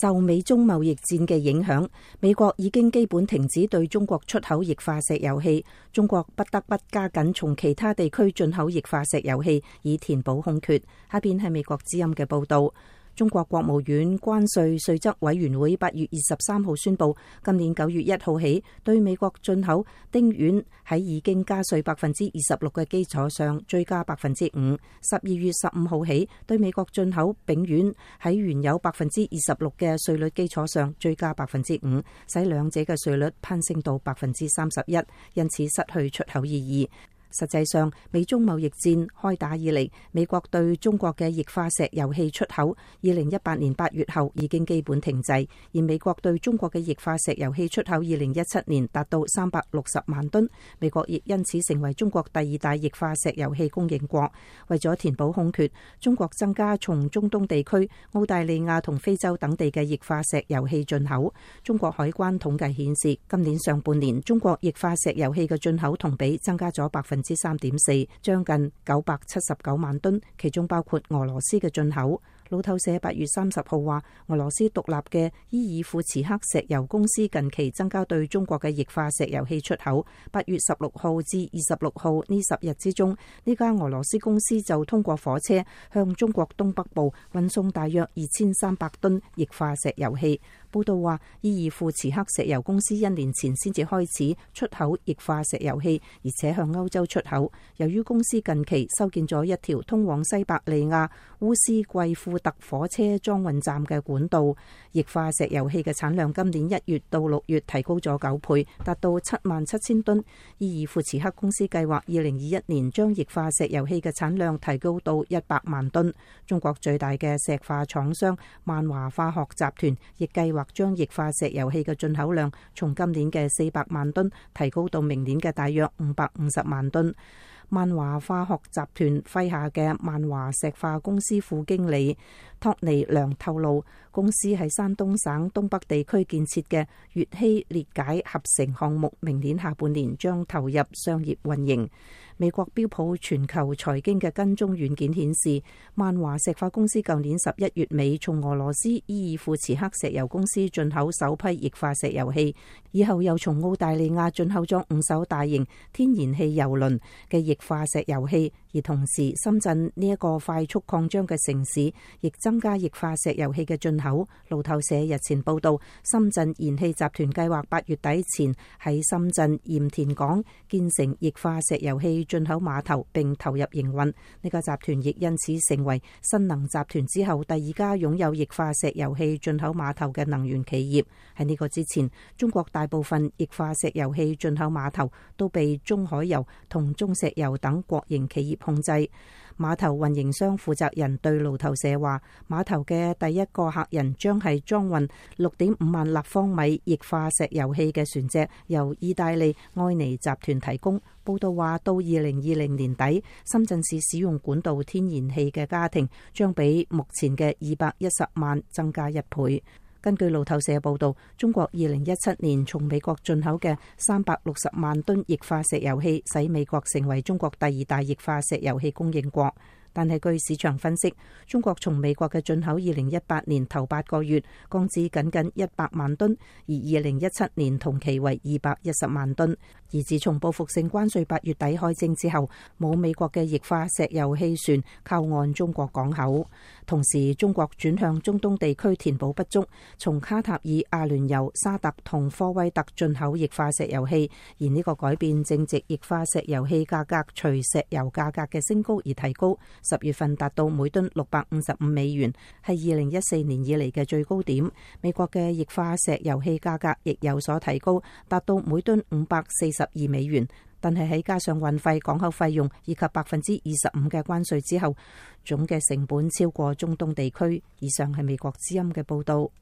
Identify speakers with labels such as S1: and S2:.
S1: 受美中貿易戰嘅影響，美國已經基本停止對中國出口液化石油氣，中國不得不加緊從其他地區進口液化石油氣以填補空缺。下面係美國之音嘅報道。中國國務院關稅稅則委員會八月二十三號宣布，今年九月一號起，對美國進口丁烷喺已經加稅百分之二十六嘅基礎上，追加百分之五；十二月十五號起，對美國進口丙烷喺原有百分之二十六嘅稅率基礎上，追加百分之五，使兩者嘅稅率攀升到百分之三十一，因此失去出口意義。實際上，美中貿易戰開打以嚟，美國對中國嘅液化石油氣出口，二零一八年八月後已經基本停滯；而美國對中國嘅液化石油氣出口，二零一七年達到三百六十萬噸，美國亦因此成為中國第二大液化石油氣供應國。為咗填補空缺，中國增加從中東地區、澳大利亞同非洲等地嘅液化石油氣進口。中國海關統計顯示，今年上半年中國液化石油氣嘅進口同比增加咗百分之三點四，4，將近九百七十九萬噸，其中包括俄羅斯嘅進口。路透社八月三十號話，俄羅斯獨立嘅伊爾庫茨克石油公司近期增加對中國嘅液化石油氣出口。八月十六號至二十六號呢十日之中，呢間俄羅斯公司就通過火車向中國東北部運送大約二千三百噸液化石油氣。報道話，伊爾庫茨克石油公司一年前先至開始出口液化石油氣，而且向歐洲出口。由於公司近期修建咗一條通往西伯利亞烏斯季庫特火車裝運站嘅管道，液化石油氣嘅產量今年一月到六月提高咗九倍，達到七萬七千噸。伊爾庫茨克公司計劃二零二一年將液化石油氣嘅產量提高到一百萬噸。中國最大嘅石化廠商萬華化學集團亦計劃。或將液化石油氣嘅進口量從今年嘅四百萬噸提高到明年嘅大約五百五十萬噸。萬華化學集團麾下嘅萬華石化公司副經理托尼良透露，公司喺山東省東北地區建設嘅乙烯裂解合成項目，明年下半年將投入商業運營。美國標普全球財經嘅跟蹤軟件顯示，萬華石化公司舊年十一月尾從俄羅斯伊爾庫茨克石油公司進口首批液化石油氣，以後又從澳大利亞進口咗五艘大型天然氣油輪嘅液化石油氣。而同時，深圳呢一個快速擴張嘅城市，亦增加液化石油氣嘅進口。路透社日前報道，深圳燃氣集團計劃八月底前喺深圳鹽田港建成液化石油氣進口碼頭並投入營運。呢個集團亦因此成為新能集團之後第二家擁有液化石油氣進口碼頭嘅能源企業。喺呢個之前，中國大部分液化石油氣進口碼頭都被中海油同中石油等國營企業控制碼頭運營商負責人對路透社話，碼頭嘅第一個客人將係裝運六點五萬立方米液化石油氣嘅船隻由意大利埃尼集團提供。報道話，到二零二零年底，深圳市使用管道天然氣嘅家庭將比目前嘅二百一十萬增加一倍。根據路透社報導，中國二零一七年從美國進口嘅三百六十萬噸液化石油氣，使美國成為中國第二大液化石油氣供應國。但係，據市場分析，中國從美國嘅進口，二零一八年頭八個月降至僅僅一百萬噸，而二零一七年同期為二百一十萬噸。而自從報復性關稅八月底開徵之後，冇美國嘅液化石油氣船靠岸中國港口。同時，中國轉向中東地區填補不足，從卡塔爾、阿聯酋、沙特同科威特進口液化石油氣。而呢個改變正值液化石油氣價格隨石油價格嘅升高而提高。十月份達到每噸六百五十五美元，係二零一四年以嚟嘅最高點。美國嘅液化石油氣價格亦有所提高，達到每噸五百四十二美元，但係喺加上運費、港口費用以及百分之二十五嘅關稅之後，總嘅成本超過中東地區。以上係美國之音嘅報道。